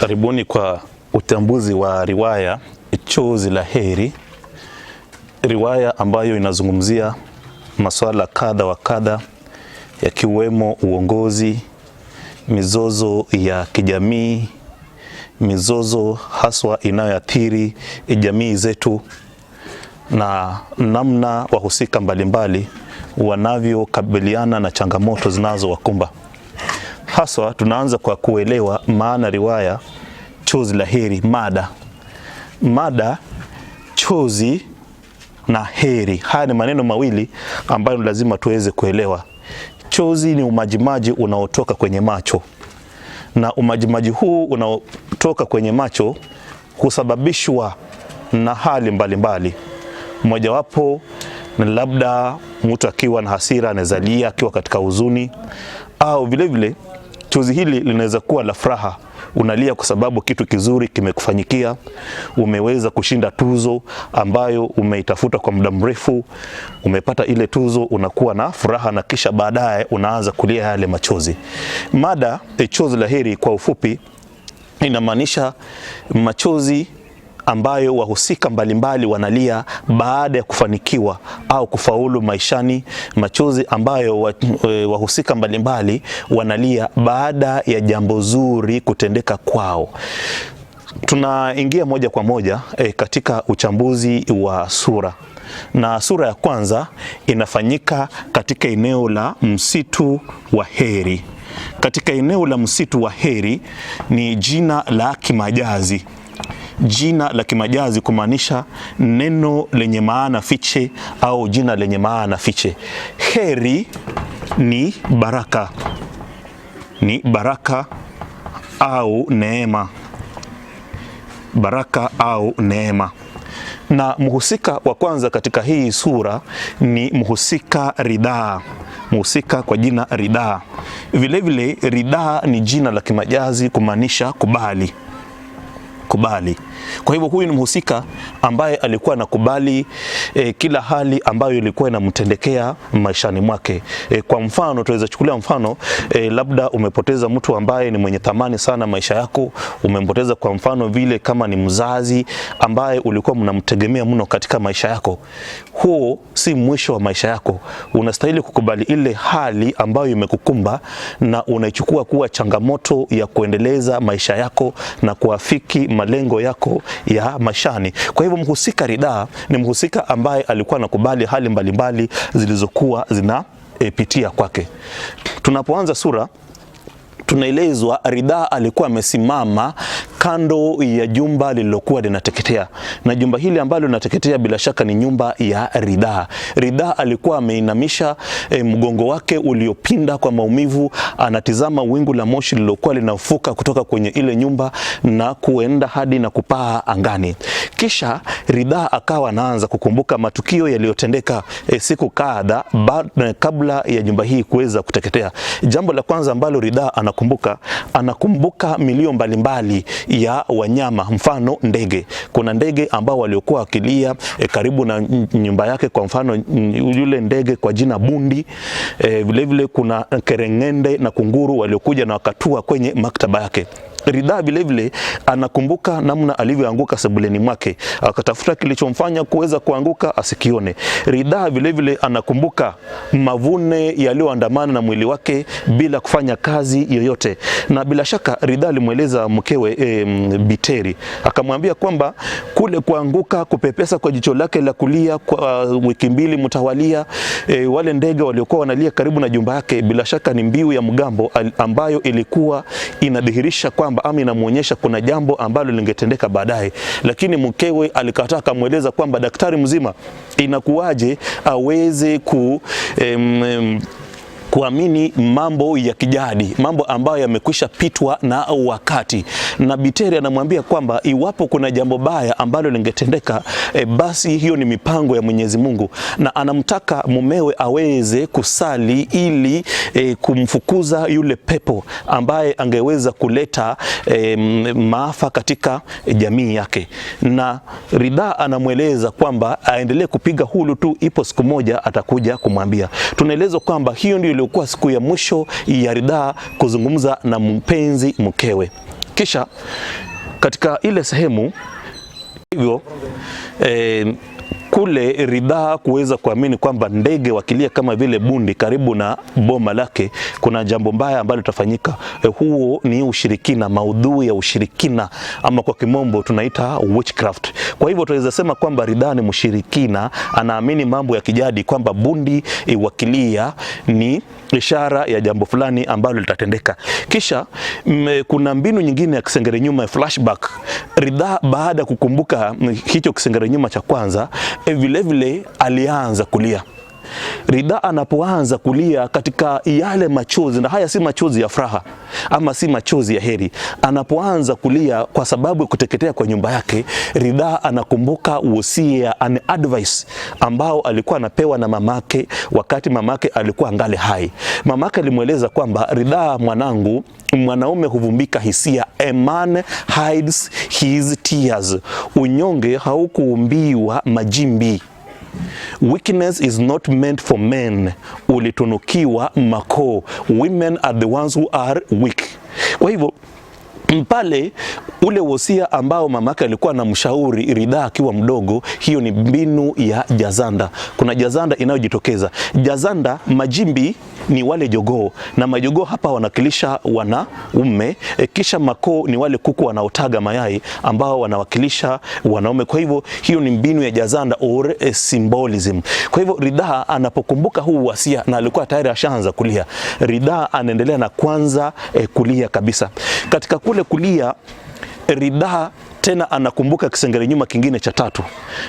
Karibuni kwa utambuzi wa riwaya Chozi la Heri, riwaya ambayo inazungumzia masuala kadha wa kadha yakiwemo uongozi, mizozo ya kijamii, mizozo haswa inayoathiri jamii zetu na namna wahusika mbalimbali wanavyokabiliana na changamoto zinazowakumba. Haswa tunaanza kwa kuelewa maana riwaya chozi la heri, mada mada chozi na heri. Haya ni maneno mawili ambayo lazima tuweze kuelewa. Chozi ni umajimaji unaotoka kwenye macho, na umajimaji huu unaotoka kwenye macho husababishwa na hali mbalimbali, mojawapo ni labda mtu akiwa na hasira anazalia, akiwa katika huzuni au vilevile Chozi hili linaweza kuwa la furaha, unalia kwa sababu kitu kizuri kimekufanyikia, umeweza kushinda tuzo ambayo umeitafuta kwa muda mrefu, umepata ile tuzo, unakuwa na furaha na kisha baadaye unaanza kulia yale machozi. Mada e, chozi la heri kwa ufupi inamaanisha machozi ambayo wahusika mbalimbali wanalia baada ya kufanikiwa au kufaulu maishani, machozi ambayo e, wahusika mbalimbali wanalia baada ya jambo zuri kutendeka kwao. Tunaingia moja kwa moja e, katika uchambuzi wa sura na sura ya kwanza inafanyika katika eneo la msitu wa heri. Katika eneo la msitu wa heri ni jina la kimajazi jina la kimajazi kumaanisha neno lenye maana fiche au jina lenye maana fiche. Heri ni baraka, ni baraka au neema, baraka au neema. Na mhusika wa kwanza katika hii sura ni mhusika Ridaa, mhusika kwa jina Ridaa. Vilevile Ridaa ni jina la kimajazi kumaanisha kubali kubali. Kwa hivyo huyu ni mhusika ambaye alikuwa anakubali e, kila hali ambayo ilikuwa inamtendekea maishani mwake. E, kwa mfano tuweza chukulia mfano e, labda umepoteza mtu ambaye ni mwenye thamani sana maisha yako, umempoteza kwa mfano vile kama ni mzazi ambaye ulikuwa mnamtegemea mno katika maisha yako. Huo si mwisho wa maisha yako. Unastahili kukubali ile hali ambayo imekukumba na unaichukua kuwa changamoto ya kuendeleza maisha yako na kuafiki ma malengo yako ya maishani. Kwa hivyo mhusika ridhaa ni mhusika ambaye alikuwa anakubali hali mbalimbali zilizokuwa zinapitia kwake. Tunapoanza sura tunaelezwa ridhaa alikuwa amesimama kando ya jumba lililokuwa linateketea, na jumba hili ambalo linateketea bila shaka ni nyumba ya Ridhaa. Ridhaa alikuwa ameinamisha e, mgongo wake uliopinda kwa maumivu, anatizama wingu la moshi lililokuwa linafuka kutoka kwenye ile nyumba na kuenda hadi na kupaa angani. Kisha Ridhaa akawa anaanza kukumbuka matukio yaliyotendeka e, siku kadha kabla ya nyumba hii kuweza kuteketea. Jambo la kwanza ambalo Ridhaa anakumbuka, anakumbuka milio mbalimbali ya wanyama, mfano ndege. Kuna ndege ambao waliokuwa wakilia e, karibu na nyumba yake, kwa mfano yule ndege kwa jina bundi. Vilevile eh, e, vile kuna kerengende na kunguru waliokuja na wakatua kwenye maktaba yake. Ridhaa vilevile anakumbuka namna alivyoanguka sebuleni mwake, akatafuta kilichomfanya kuweza kuanguka asikione. Ridhaa vilevile anakumbuka mavune yaliyoandamana na mwili wake bila kufanya kazi yoyote, na bila shaka Ridhaa alimweleza mkewe e, Biteri akamwambia kwamba kule kuanguka, kupepesa kwa jicho lake la kulia kwa wiki mbili mtawalia, e, wale ndege waliokuwa wanalia karibu na jumba yake, bila shaka ni mbiu ya mgambo ambayo ilikuwa inadhihirisha kwa kwamba ama inamwonyesha kuna jambo ambalo lingetendeka baadaye, lakini mkewe alikataa, akamweleza kwamba daktari mzima, inakuwaje aweze ku em, em, kuamini mambo ya kijadi, mambo ambayo yamekwisha pitwa na wakati. Na Biteri anamwambia kwamba iwapo kuna jambo baya ambalo lingetendeka, e, basi hiyo ni mipango ya Mwenyezi Mungu, na anamtaka mumewe aweze kusali ili e, kumfukuza yule pepo ambaye angeweza kuleta e, maafa katika e, jamii yake. Na Ridhaa anamweleza kwamba aendelee kupiga hulu tu, ipo siku moja atakuja kumwambia. Tunaelezwa kwamba hiyo ndio iliyokuwa siku ya mwisho ya Ridhaa kuzungumza na mpenzi mkewe. Kisha katika ile sehemu hivyo e, kule ridhaa kuweza kuamini kwamba ndege wakilia kama vile bundi karibu na boma lake, kuna jambo mbaya ambalo litafanyika. E, huo ni ushirikina, maudhui ya ushirikina ama kwa kimombo tunaita witchcraft. Kwa hivyo tunaweza sema kwamba ridhaa ni mshirikina, anaamini mambo ya kijadi kwamba bundi e, wakilia ni ishara ya jambo fulani ambalo litatendeka. Kisha m, mm, eh, kuna mbinu nyingine ya kisengere nyuma ya flashback. Ridhaa baada ya kukumbuka mm, hicho kisengere nyuma cha kwanza evilevile eh, vilevile alianza kulia rida anapoanza kulia katika yale machozi, na haya si machozi ya furaha ama si machozi ya heri, anapoanza kulia kwa sababu ya kuteketea kwa nyumba yake, Ridhaa anakumbuka wosia, an advice ambao alikuwa anapewa na mamake wakati mamake alikuwa angali hai. Mamake alimweleza kwamba Ridhaa, mwanangu, mwanaume huvumbika hisia, a man hides his tears, unyonge haukuumbiwa majimbi. Weakness is not meant for men, ulitunukiwa makoo. Women are the ones who are weak. Kwa hivyo pale ule wosia ambao mamake alikuwa mshauri Ridhaa akiwa mdogo, hiyo ni mbinu ya jazanda. Kuna jazanda inayojitokeza. Jazanda majimbi ni wale jogoo na majogoo hapa wanawakilisha wanaume e, kisha makoo ni wale kuku wanaotaga mayai ambao wanawakilisha wanaume. Kwa hivyo hiyo ni mbinu ya jazanda or e, symbolism. Kwa hivyo Ridhaa anapokumbuka huu wasia, na alikuwa tayari ashaanza kulia, Ridhaa anaendelea na kwanza e, kulia kabisa. Katika kule kulia Ridhaa tena anakumbuka kisengere nyuma kingine cha tatu,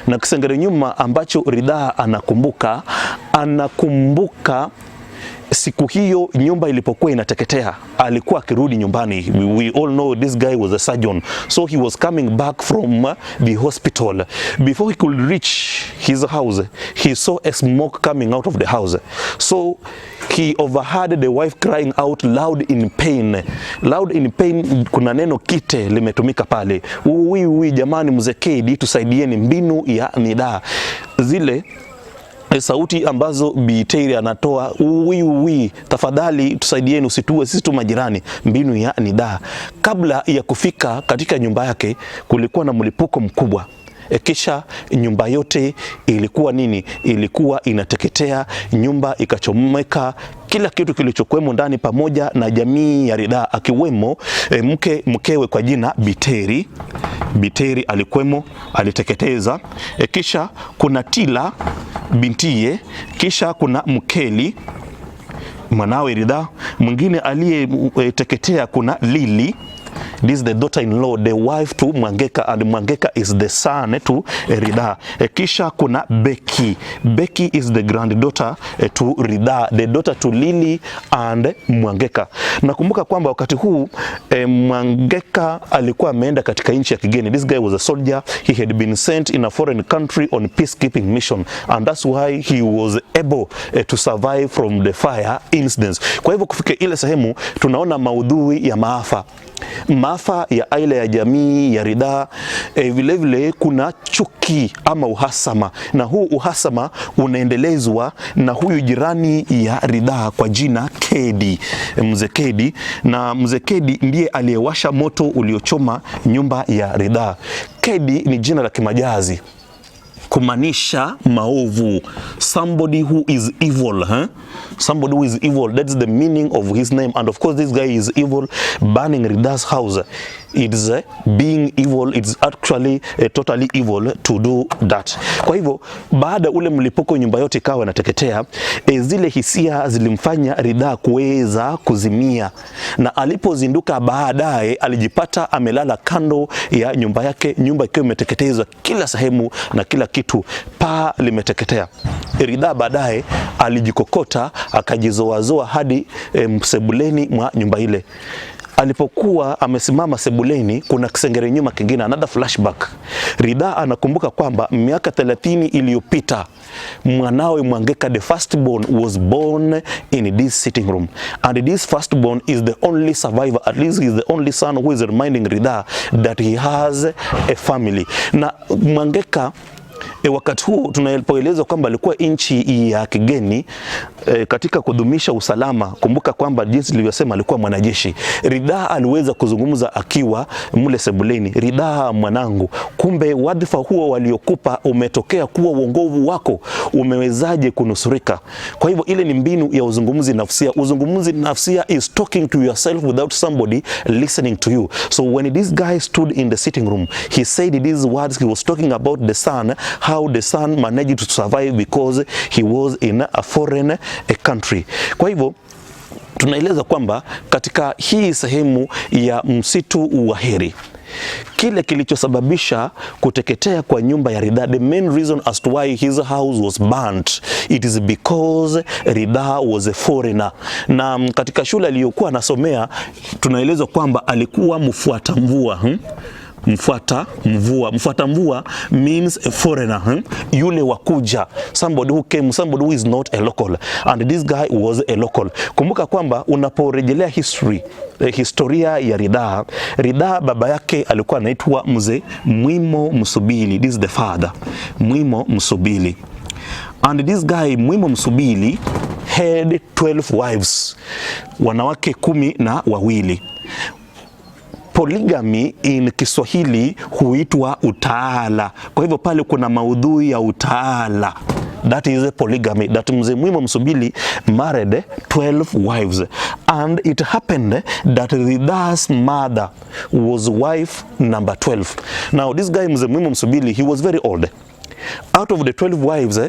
na kisengere nyuma ambacho Ridhaa anakumbuka anakumbuka siku hiyo nyumba ilipokuwa inateketea alikuwa akirudi nyumbani. We, we all know this guy was a surgeon so he was coming back from uh, the hospital. Before he could reach his house he saw a smoke coming out of the house so he overheard the wife crying out loud in pain. Loud in pain, kuna neno kite limetumika pale. uwi, jamani, mzee tusaidieni mbinu ya nida zile Eh, sauti ambazo Bi anatoa uwi uwi, tafadhali tusaidieni, usitue sisi tu majirani. Mbinu ya nidaa. Kabla ya kufika katika nyumba yake kulikuwa na mlipuko mkubwa. Eh, kisha nyumba yote ilikuwa nini? Ilikuwa inateketea, nyumba ikachomeka kila kitu kilichokuwemo ndani pamoja na jamii ya ridhaa akiwemo e, mke mkewe kwa jina Biteri. Biteri alikwemo, aliteketeza e, kisha kuna Tila bintiye, kisha kuna Mkeli mwanawe Ridaa, mwingine aliyeteketea kuna Lili This is the daughter-in-law, the wife to Mwangeka and Mwangeka is the son eh, to eh, Rida. Eh, kisha kuna Becky. Becky is the granddaughter to Rida, the daughter to Lili and Mwangeka. Nakumbuka kwamba wakati huu eh, Mwangeka alikuwa ameenda katika nchi ya kigeni. This guy was a soldier. He had been sent in a foreign country on peacekeeping mission and that's why he was able eh, to survive from the fire incidents. Kwa hivyo kufika ile sehemu tunaona maudhui ya maafa maafa ya aila ya jamii ya ridhaa. Eh, Vilevile vile kuna chuki ama uhasama, na huu uhasama unaendelezwa na huyu jirani ya ridhaa kwa jina Kedi, eh, mzee Kedi. Na mzee Kedi ndiye aliyewasha moto uliochoma nyumba ya ridhaa. Kedi ni jina la kimajazi kumaanisha maovu, somebody who is evil huh? somebody who is evil, that's the meaning of his name. And of course this guy is evil, burning Ridas house it's uh, being evil, it's actually uh, totally evil to do that. Kwa hivyo baada ule mlipuko nyumba yote ikawa inateketea, e, zile hisia zilimfanya ridhaa kuweza kuzimia, na alipozinduka baadaye alijipata amelala kando ya nyumba yake, nyumba ikiwa imeteketezwa kila sehemu na kila kitu, paa limeteketea. Ridhaa baadaye alijikokota akajizoazoa hadi e, eh, msebuleni mwa nyumba ile alipokuwa amesimama sebuleni, kuna kisengere nyuma kingine, another flashback. Rida anakumbuka kwamba miaka 30 iliyopita mwanawe Mwangeka the firstborn was born in this sitting room and this firstborn is the only survivor, at least is the only son who is reminding Rida that he has a family na Mwangeka E, wakati huu tunapoeleza kwamba alikuwa nchi ya kigeni e, katika kudumisha usalama, kumbuka kwamba jinsi nilivyosema alikuwa mwanajeshi. Ridaa aliweza kuzungumza akiwa mule sebuleni, Ridaa mwanangu, kumbe wadhifa huo waliokupa umetokea kuwa uongovu wako, umewezaje kunusurika? Kwa hivyo ile ni mbinu ya uzungumzi nafsia. Uzungumzi nafsia is talking to yourself without somebody listening to you. So when this guy stood in the sitting room, he said these words, he was talking about the sun how the son managed to survive because he was in a foreign a eh, country. Kwa hivyo tunaeleza kwamba katika hii sehemu ya msitu wa Heri kile kilichosababisha kuteketea kwa nyumba ya Ridha, the main reason as to why his house was burnt it is because Ridha was a foreigner. Na mm, katika shule aliyokuwa anasomea tunaelezwa kwamba alikuwa mfuata mvua hmm? mfuata mvua. Mfuata mvua means a foreigner hmm? Yule wakuja, somebody who came, somebody who is not a local and this guy was a local. Kumbuka kwamba unaporejelea history eh, historia ya Ridhaa, Ridhaa baba yake alikuwa anaitwa mzee Mwimo Msubili. This is the father Mwimo Msubili and this guy Mwimo Msubili had 12 wives, wanawake kumi na wawili Poligami in Kiswahili huitwa utaala. Kwa hivyo pale kuna maudhui ya utaala that is a polygamy that mzee Mwima Msubili married 12 wives and it happened that Ridha's mother was wife number 12. Now this guy mzee Mwima Msubili he was very old out of the 12 wives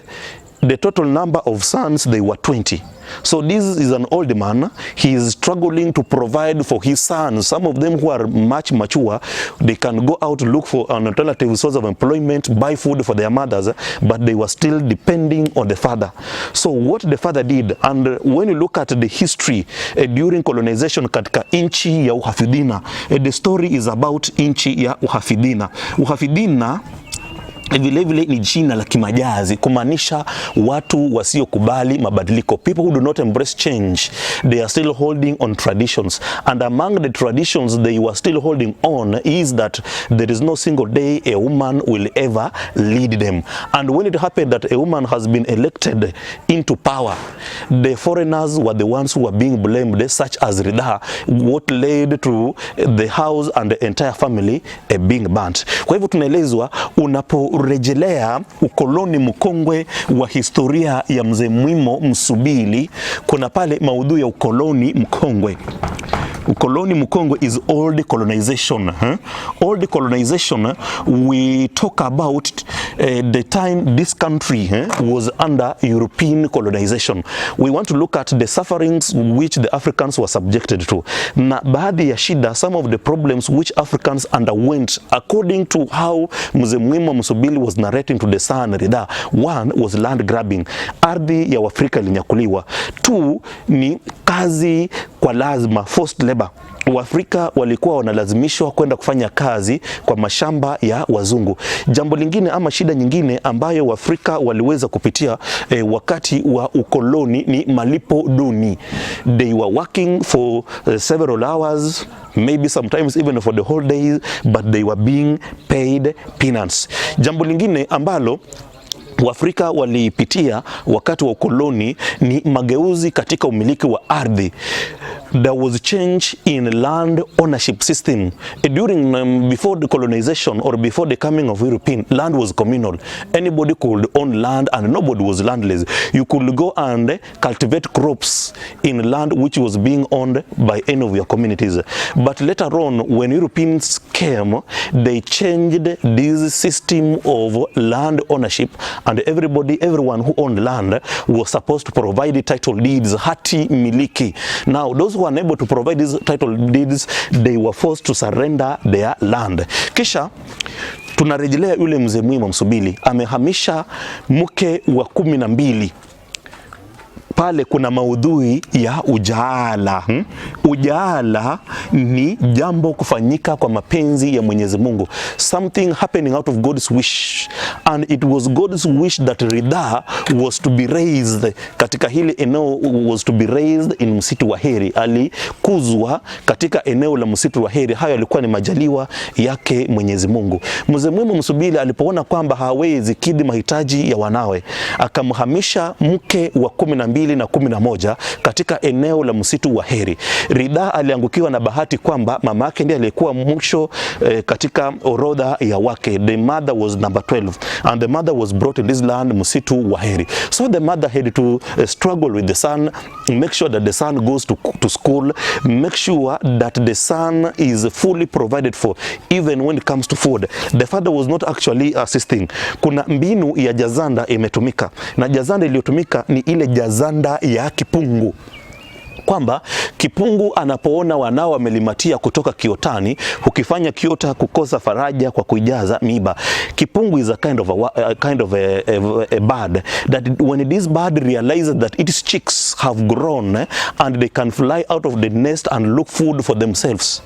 the total number of sons they were 20 so this is an old man he is struggling to provide for his sons some of them who are much mature they can go out look for an alternative source of employment buy food for their mothers but they were still depending on the father so what the father did and when you look at the history uh, during colonization katika inchi ya uhafidhina uh, the story is about inchi ya uhafidhina uhafidhina na vile vile ni jina la kimajazi kumaanisha watu wasiokubali mabadiliko, people who do not embrace change, they are still holding on traditions and among the traditions they were still holding on is that there is no single day a woman will ever lead them and when it happened that a woman has been elected into power the foreigners were the ones who were being blamed such as Rida what led to the house and the entire family eh, being burnt. Kwa hivyo tunaelezwa unapo kurejelea ukoloni mkongwe wa historia ya mzee Mwimo Msubili. Kuna pale maudhui ya ukoloni mkongwe Ukoloni mkongwe is old colonization. Huh? Old colonization we talk about uh, the time this country huh, was under European colonization. We want to look at the sufferings which the Africans were subjected to. Na baadhi ya shida, some of the problems which Africans underwent according to how Mzee Mwinyi Msubili was narrating to the Sun Ridhaa. One was land grabbing. Ardhi ya Afrika ilinyakuliwa. Two ni kazi kwa lazima forced Zanzibar Waafrika walikuwa wanalazimishwa kwenda kufanya kazi kwa mashamba ya wazungu. Jambo lingine ama shida nyingine ambayo Waafrika waliweza kupitia e, wakati wa ukoloni ni malipo duni. They were working for uh, several hours maybe sometimes even for the whole day but they were being paid peanuts. Jambo lingine ambalo Waafrika walipitia wakati wa ukoloni ni mageuzi katika umiliki wa ardhi there was change in land ownership system. Eh, during, um, before the colonization or before the coming of European, land was communal. Anybody could own land and nobody was landless. You could go and cultivate crops in land which was being owned by any of your communities. But later on, when Europeans came, they changed this system of land ownership and everybody, everyone who owned land was supposed to provide title deeds, hati miliki. Now, those who were unable to provide these title deeds they were forced to surrender their land. Kisha tunarejelea yule mzee Mwima Msubili amehamisha mke wa kumi na mbili pale kuna maudhui ya ujaala hmm? Ujaala ni jambo kufanyika kwa mapenzi ya Mwenyezi Mungu, something happening out of God's wish and it was God's wish that Ridha was to be raised katika hili eneo, was to be raised in msitu wa Heri, alikuzwa katika eneo la msitu wa Heri. Hayo alikuwa ni majaliwa yake Mwenyezi Mungu. Mzee mwema Msubili alipoona kwamba hawezi kidhi mahitaji ya wanawe, akamhamisha mke wa kumi na mbili mbili na kumi na moja katika eneo la msitu wa Heri. Ridhaa aliangukiwa na bahati kwamba mama yake ndiye aliyekuwa mwisho eh, katika orodha ya wake. The mother was number 12 and the mother was brought in this land msitu wa Heri. So the mother had to uh, struggle with the son, make sure that the son goes to, to school, make sure that the son is fully provided for even when it comes to food. The father was not actually assisting. Kuna mbinu ya jazanda imetumika na jazanda iliyotumika ni ile jazanda kanda ya Kipungu kwamba Kipungu anapoona wanao wamelimatia kutoka kiotani, hukifanya kiota kukosa faraja kwa kuijaza miba. Kipungu is a kind of a, a kind of a, a, a bird that when this bird realizes that its chicks have grown eh, and they can fly out of the nest and look food for themselves.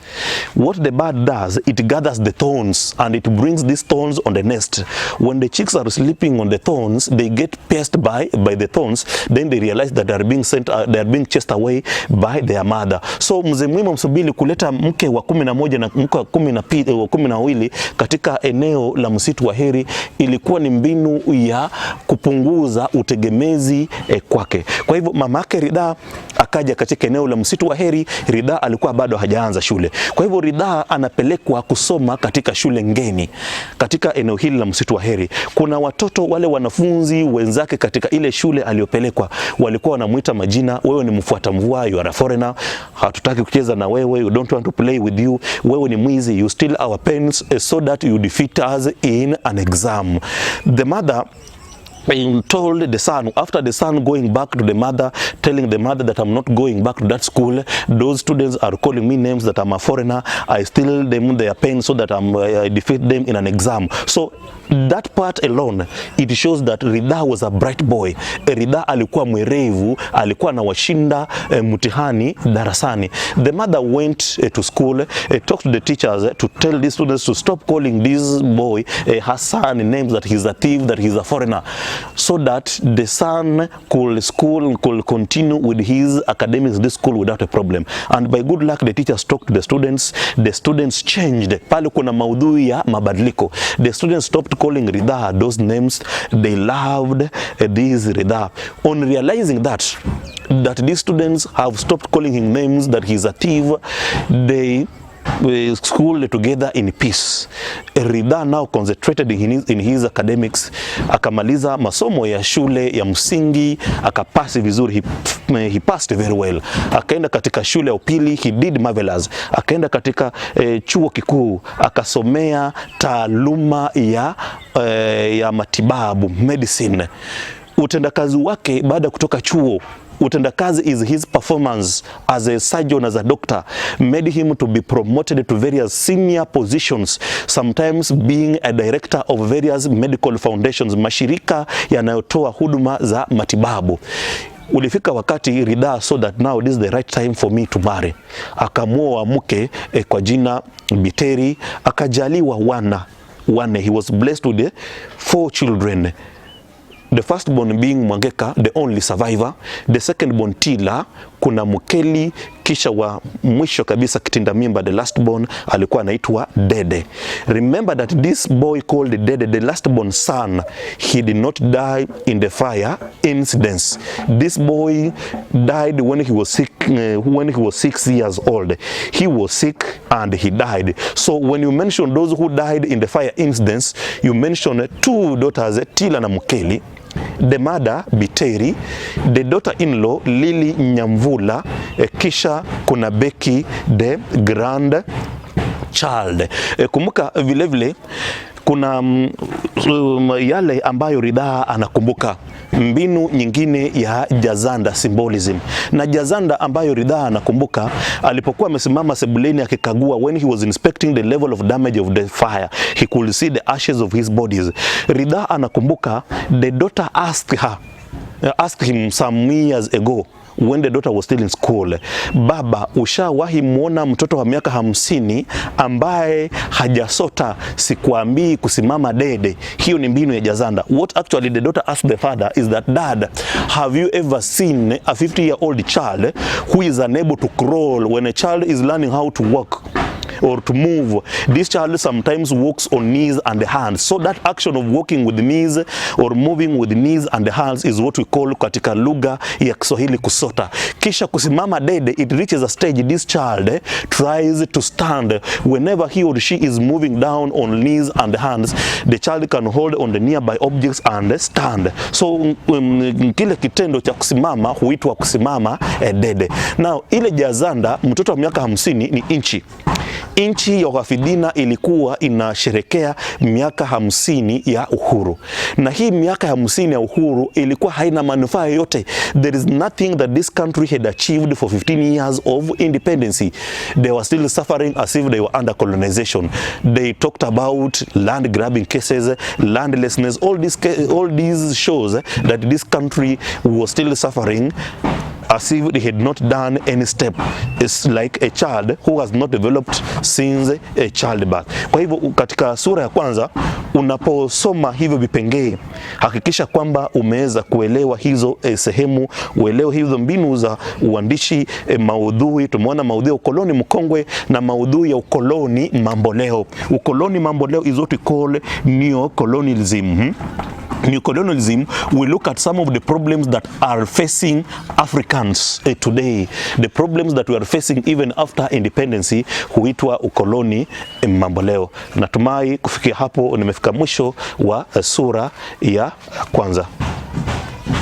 What the bird does, it gathers the thorns and it brings these thorns on the nest. When the chicks are sleeping on the thorns, they get pierced by by the thorns, then they realize that they are being sent uh, they are being chased away by their mada. So mzee Mwima Msubili kuleta mke wa kumi na moja na mke wa kumi na eh, wawili katika eneo la msitu wa Heri ilikuwa ni mbinu ya kupunguza utegemezi eh, kwake. Kwa hivyo mamake rida akaja katika eneo la msitu wa Heri. rida alikuwa bado hajaanza shule, kwa hivyo rida anapelekwa kusoma katika shule ngeni katika eneo hili la msitu wa Heri. Kuna watoto wale wanafunzi wenzake katika ile shule aliyopelekwa walikuwa wanamwita majina, wewe ni mfuata mvua, you are a foreigner, hatutaki kucheza na wewe, you don't want to play with you, wewe ni mwizi, you steal our pens eh, so that you defeat us in an exam. The mother being told the son after the son going back to the mother telling the mother that I'm not going back to that school those students are calling me names that I'm a foreigner I steal them their pen so that I'm, I defeat them in an exam so that part alone it shows that Ridhaa was a bright boy Ridhaa alikuwa mwerevu alikuwa washinda uh, mtihani darasani the mother went uh, to school uh, talked to the teachers uh, to tell these students to stop calling this boy her son names that he's a thief that he's a foreigner so that the son could school could continue with his academics this school without a problem and by good luck the teachers talked to the students the students changed pale kuna maudhui ya mabadiliko the students stopped calling ridha those names they loved eh, this ridha on realizing that that these students have stopped calling him names that he's a thief they Uh, school together in peace. ridha now concentrated in his, in his academics. Akamaliza masomo ya shule ya msingi akapasi vizuri, he, he passed very well. Akaenda katika shule ya upili he did marvelous. Akaenda katika eh, chuo kikuu akasomea taaluma ya, eh, ya matibabu medicine. Utendakazi wake baada ya kutoka chuo utendakazi is his performance as a surgeon as a doctor made him to be promoted to various senior positions sometimes being a director of various medical foundations mashirika yanayotoa huduma za matibabu Ulifika wakati Rida so that now this is the right time for me to marry. Akamwoa mke eh, kwa jina Biteri akajaliwa wana wane. He was blessed with eh, four children the born being Mwangeka the only survivor, the born Tila, kuna Mukeli, kisha wa mwisho kabisa kitinda mimba the born alikuwa anaitwa Dede. Remember that this boy called Dede, the born son, he did not die in the fire incidents. This boy died when he was sick, uh, when he was six years old. He was sick and he died. So when you mention those who died in the fire incidents, you mention two daughters, Tila na Mukeli the mother Biteri, the daughter-in-law Lili Nyamvula, eh, kisha kuna Beki the grand child. Eh, kumbuka vilevile kuna um, yale ambayo Ridhaa anakumbuka mbinu nyingine ya jazanda symbolism. Na jazanda ambayo Ridhaa anakumbuka alipokuwa amesimama sebuleni akikagua, when he was inspecting the level of damage of the fire he could see the ashes of his bodies. Ridhaa anakumbuka the daughter asked her, asked him some years ago when the daughter was still in school. Baba, ushawahi mwona mtoto wa miaka hamsini ambaye hajasota? Sikuambii kusimama dede, hiyo ni mbinu ya jazanda. What actually the daughter asked the father is that dad, have you ever seen a 50 year old child who is unable to crawl when a child is learning how to walk or to move. This child sometimes walks on knees and hands. So that action of walking with knees or moving with knees and hands is what we call katika lugha ya Kiswahili kusota. Kisha kusimama dede, it reaches a stage this child eh, tries to stand whenever he or she is moving down on knees and hands. The child can hold on the nearby objects and stand. So um, um kile kitendo cha kusimama huitwa kusimama eh, dede. Now ile jazanda mtoto wa miaka hamsini ni inchi Nchi ya Wafidina ilikuwa inasherekea miaka hamsini ya uhuru, na hii miaka hamsini ya uhuru ilikuwa haina manufaa yoyote. There is nothing that this country had achieved for 15 years of independency. They were still suffering as if they were under colonization. They talked about land grabbing cases, landlessness, all these, all these shows that this country was still suffering as if he had not done any step. It's like a child who has not developed since a childbirth. Kwa hivyo katika sura ya kwanza unaposoma hivyo vipengee, hakikisha kwamba umeweza kuelewa hizo eh, sehemu, uelewe hizo mbinu za uandishi eh, maudhui. Tumeona maudhui ya ukoloni mkongwe na maudhui ya ukoloni mamboleo. Ukoloni mamboleo is what we call neo colonialism. Hmm? neocolonialism, we look at some of the problems that are facing Africans uh, today, the problems that we are facing even after independency huitwa ukoloni eh, mamboleo. Natumai kufikia hapo nimefika mwisho wa eh, sura ya kwanza.